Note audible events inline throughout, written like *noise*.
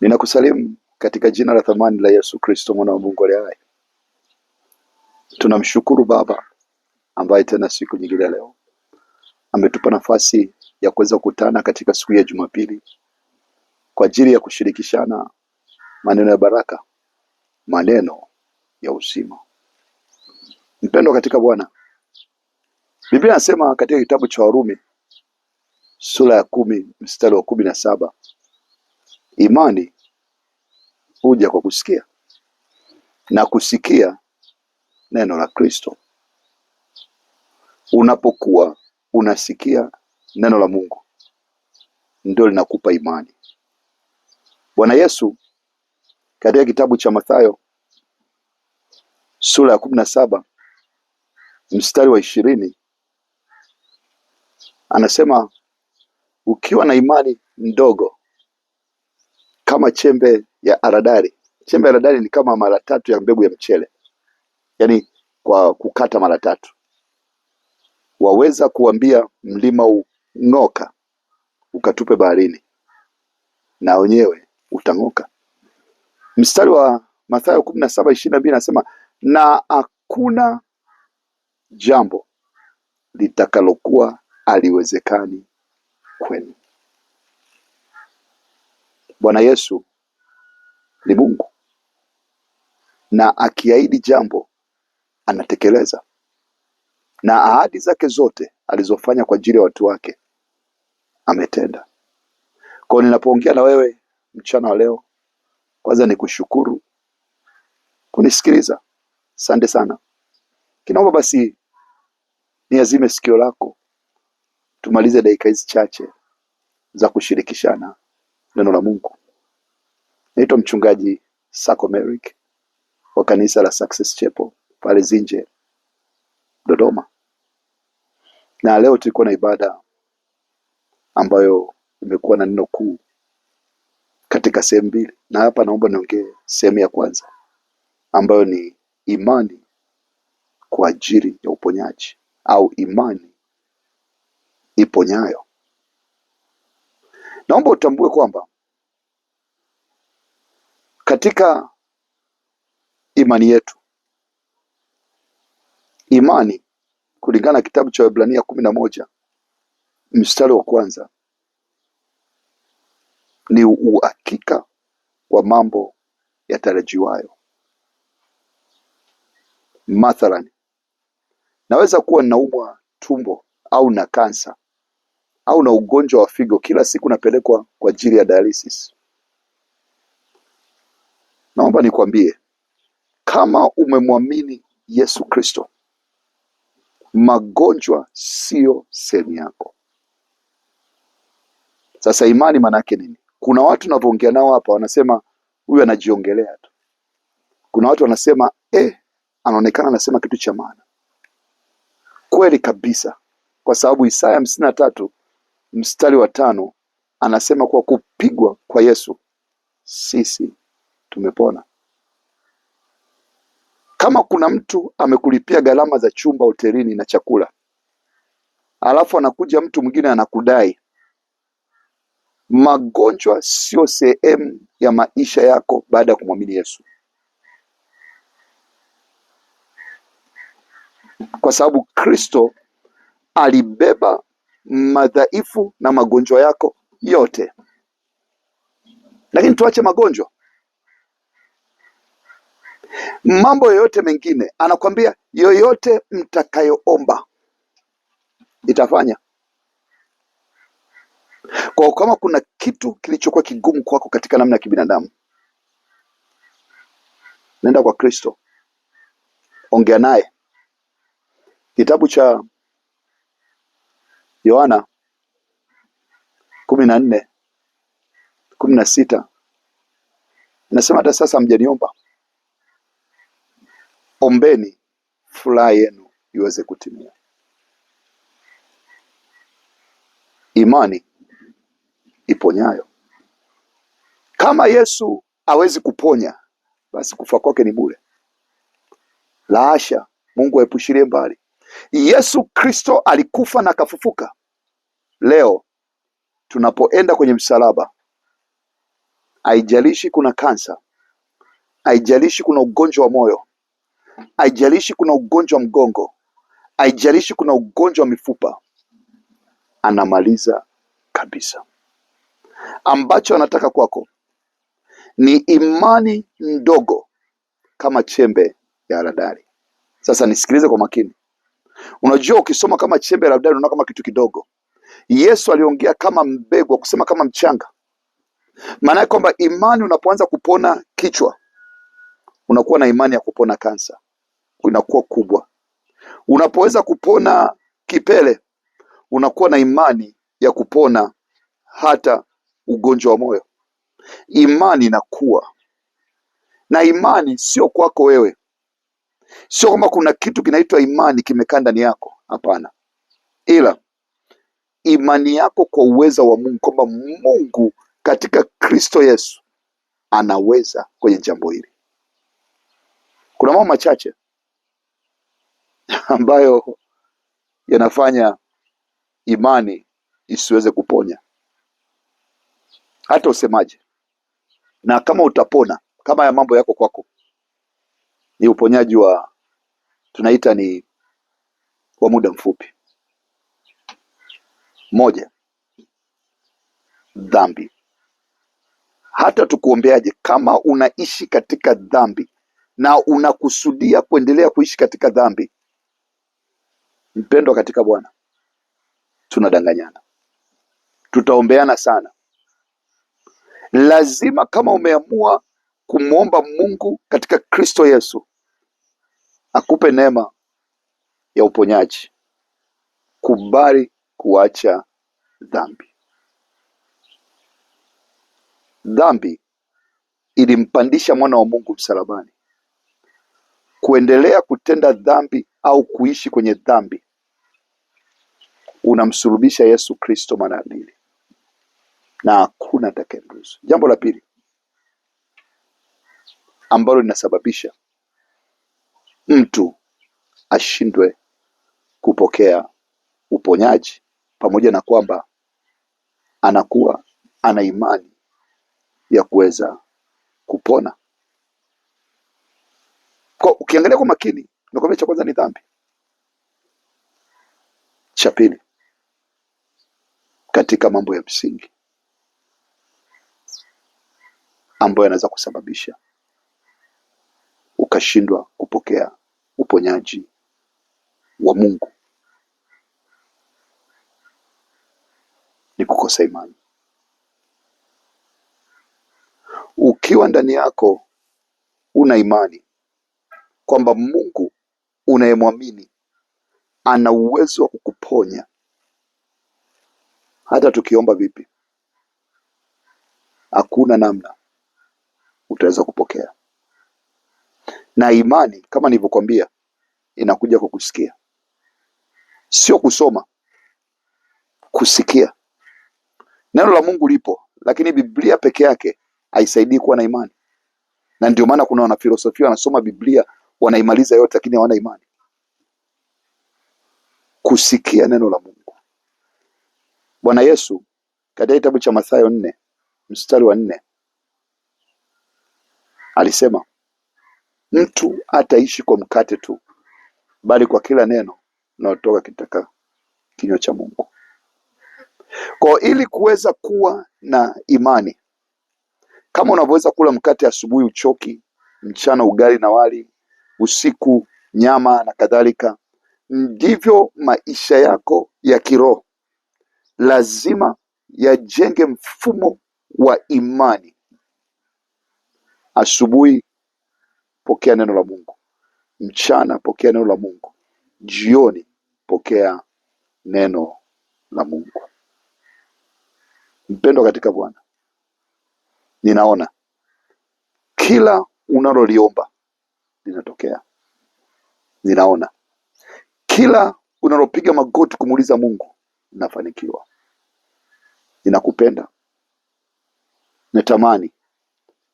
Ninakusalimu katika jina la thamani la Yesu Kristo mwana wa Mungu aliye hai. Tunamshukuru Baba ambaye tena siku nyingine leo ametupa nafasi ya kuweza kukutana katika siku ya Jumapili kwa ajili ya kushirikishana maneno ya baraka, maneno ya uzima. Mpendo katika Bwana, Biblia inasema katika kitabu cha Warumi sura ya kumi mstari wa kumi na saba Imani huja kwa kusikia na kusikia neno la Kristo. Unapokuwa unasikia neno la Mungu ndio linakupa imani. Bwana Yesu katika kitabu cha Mathayo sura ya kumi na saba mstari wa ishirini anasema ukiwa na imani ndogo kama chembe ya aradari Chembe ya aradari ni kama mara tatu ya mbegu ya mchele, yaani kwa kukata mara tatu. Waweza kuambia mlima ung'oka, ukatupe baharini, na wenyewe utang'oka. Mstari wa Mathayo kumi na saba ishirini na mbili anasema na hakuna jambo litakalokuwa aliwezekani kwenu. Bwana Yesu ni Mungu na akiahidi jambo anatekeleza, na ahadi zake zote alizofanya kwa ajili ya watu wake ametenda. Kwa hiyo ninapoongea na wewe mchana wa leo, kwanza ni kushukuru kunisikiliza, asante sana. Kinaomba basi niazime sikio lako, tumalize dakika hizi chache za kushirikishana neno la Mungu. Naitwa mchungaji Sako Merrick wa kanisa la Success Chapel pale Zinje Dodoma, na leo tulikuwa na ibada ambayo imekuwa na neno kuu katika sehemu mbili, na hapa naomba niongee sehemu ya kwanza ambayo ni imani kwa ajili ya uponyaji au imani iponyayo. Naomba utambue kwamba katika imani yetu, imani kulingana na kitabu cha Waebrania kumi na moja mstari wa kwanza ni uhakika wa mambo yatarajiwayo. Mathalani, naweza kuwa naumwa tumbo au na kansa au na ugonjwa wa figo, kila siku napelekwa kwa ajili ya dialysis Naomba nikwambie, kama umemwamini Yesu Kristo, magonjwa siyo sehemu yako. Sasa imani maanake nini? Kuna watu navyoongea nao hapa wanasema huyu anajiongelea tu. Kuna watu wanasema eh, anaonekana anasema kitu cha maana kweli kabisa, kwa sababu Isaya hamsini na tatu mstari wa tano anasema kuwa kupigwa kwa Yesu sisi tumepona. Kama kuna mtu amekulipia gharama za chumba hotelini na chakula, alafu anakuja mtu mwingine anakudai, magonjwa sio sehemu ya maisha yako baada ya kumwamini Yesu, kwa sababu Kristo alibeba madhaifu na magonjwa yako yote. Lakini tuache magonjwa, mambo yoyote mengine, anakwambia yoyote mtakayoomba itafanya. Kwa kama kuna kitu kilichokuwa kigumu kwako katika namna ya kibinadamu, nenda kwa Kristo, ongea naye. Kitabu cha Yohana kumi na nne kumi na sita nasema hata sasa mjaniomba ombeni furaha yenu iweze kutimia. Imani iponyayo. Kama Yesu hawezi kuponya, basi kufa kwake ni bure. laasha Mungu aepushirie mbali. Yesu Kristo alikufa na kafufuka Leo tunapoenda kwenye msalaba, haijalishi kuna kansa, haijalishi kuna ugonjwa wa moyo, haijalishi kuna ugonjwa wa mgongo, haijalishi kuna ugonjwa wa mifupa, anamaliza kabisa. Ambacho anataka kwako ni imani ndogo kama chembe ya haradali. Sasa nisikilize kwa makini. Unajua, ukisoma kama chembe ya haradali unaona kama kitu kidogo. Yesu aliongea kama mbegu, kusema kama mchanga. Maana kwamba imani, unapoanza kupona kichwa, unakuwa na imani ya kupona kansa inakuwa kubwa. Unapoweza kupona kipele, unakuwa na imani ya kupona hata ugonjwa wa moyo. Imani inakuwa na imani, sio kwako wewe, sio kwamba kuna kitu kinaitwa imani kimekaa ndani yako, hapana, ila imani yako kwa uweza wa Mungu, kwamba Mungu katika Kristo Yesu anaweza kwenye jambo hili. Kuna mambo machache *laughs* ambayo yanafanya imani isiweze kuponya hata usemaje. Na kama utapona, kama haya mambo yako kwako, ni uponyaji wa tunaita ni wa muda mfupi. Moja, dhambi. Hata tukuombeaje, kama unaishi katika dhambi na unakusudia kuendelea kuishi katika dhambi, Mpendwa katika Bwana, tunadanganyana, tutaombeana sana. Lazima kama umeamua kumwomba Mungu katika Kristo Yesu akupe neema ya uponyaji, kubali kuacha dhambi. Dhambi ilimpandisha mwana wa Mungu msalabani. Kuendelea kutenda dhambi au kuishi kwenye dhambi unamsulubisha Yesu Kristo mara mbili na hakuna atakayemruhusu. Jambo la pili ambalo linasababisha mtu ashindwe kupokea uponyaji pamoja na kwamba anakuwa ana imani ya kuweza kupona. Kwa ukiangalia kwa makini, nakwambia cha kwanza ni dhambi, cha pili katika mambo ya msingi ambayo yanaweza kusababisha ukashindwa kupokea uponyaji wa Mungu ni kukosa imani. Ukiwa ndani yako una imani kwamba Mungu unayemwamini ana uwezo wa kukuponya hata tukiomba vipi, hakuna namna utaweza kupokea. Na imani kama nilivyokwambia, inakuja kwa kusikia, sio kusoma, kusikia. Neno la Mungu lipo, lakini Biblia peke yake haisaidii kuwa na imani, na ndio maana kuna wanafilosofia wanasoma Biblia wanaimaliza yote, lakini hawana imani. Kusikia neno la Mungu Bwana Yesu katika kitabu cha Mathayo nne mstari wa nne alisema, mtu hataishi kwa mkate tu, bali kwa kila neno linalotoka kitaka kinywa cha Mungu. Kwa ili kuweza kuwa na imani, kama unavyoweza kula mkate asubuhi uchoki, mchana ugali na wali, usiku nyama na kadhalika, ndivyo maisha yako ya kiroho lazima yajenge mfumo wa imani. Asubuhi pokea neno la Mungu, mchana pokea neno la Mungu, jioni pokea neno la Mungu. Mpendwa katika Bwana, ninaona kila unaloliomba linatokea. Ninaona kila unalopiga magoti kumuuliza Mungu nafanikiwa. Ninakupenda, natamani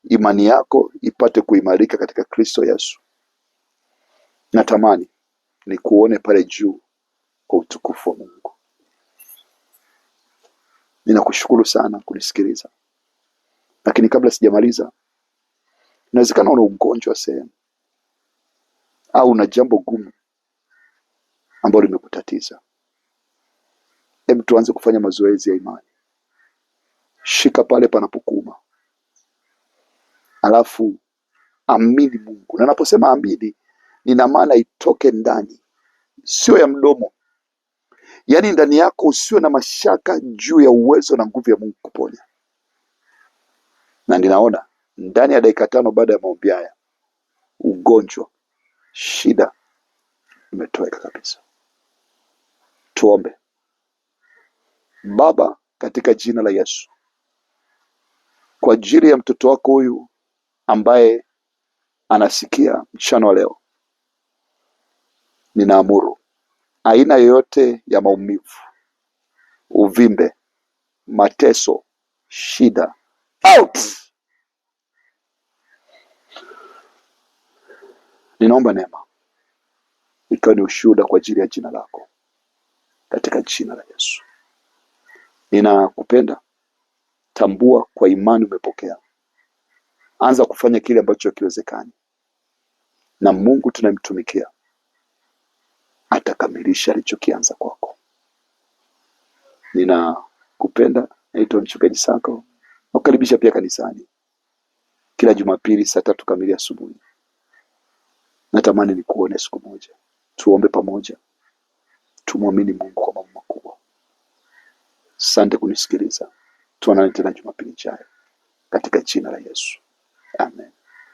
imani yako ipate kuimarika katika Kristo Yesu. Natamani nikuone pale juu kwa utukufu wa Mungu. Ninakushukuru sana kunisikiliza, lakini kabla sijamaliza, inawezekana una ugonjwa sehemu au una jambo gumu ambalo limekutatiza. Hebu tuanze kufanya mazoezi ya imani. Shika pale panapokuma alafu amini Mungu. Na naposema amini, nina maana itoke ndani, sio ya mdomo. Yaani ndani yako usio na mashaka juu ya uwezo na nguvu ya Mungu kuponya. Na ninaona ndani ya dakika tano baada ya maombi haya, ugonjwa, shida imetoweka kabisa. Tuombe. Baba, katika jina la Yesu, kwa ajili ya mtoto wako huyu ambaye anasikia mchana wa leo, ninaamuru aina yoyote ya maumivu, uvimbe, mateso, shida out. Ninaomba neema ikiwa ni ushuhuda kwa ajili ya jina lako, katika jina la Yesu ninakupenda, tambua kwa imani umepokea, anza kufanya kile ambacho hakiwezekani, na Mungu tunamtumikia atakamilisha alichokianza kwako. Ninakupenda. Naitwa Mchungaji Sako, nakukaribisha pia kanisani kila Jumapili saa tatu kamili asubuhi. Natamani nikuone siku moja, tuombe pamoja, tumwamini Mungu. Sante kunisikiliza. Tuonane tena Jumapili ijayo katika jina la Yesu, amen.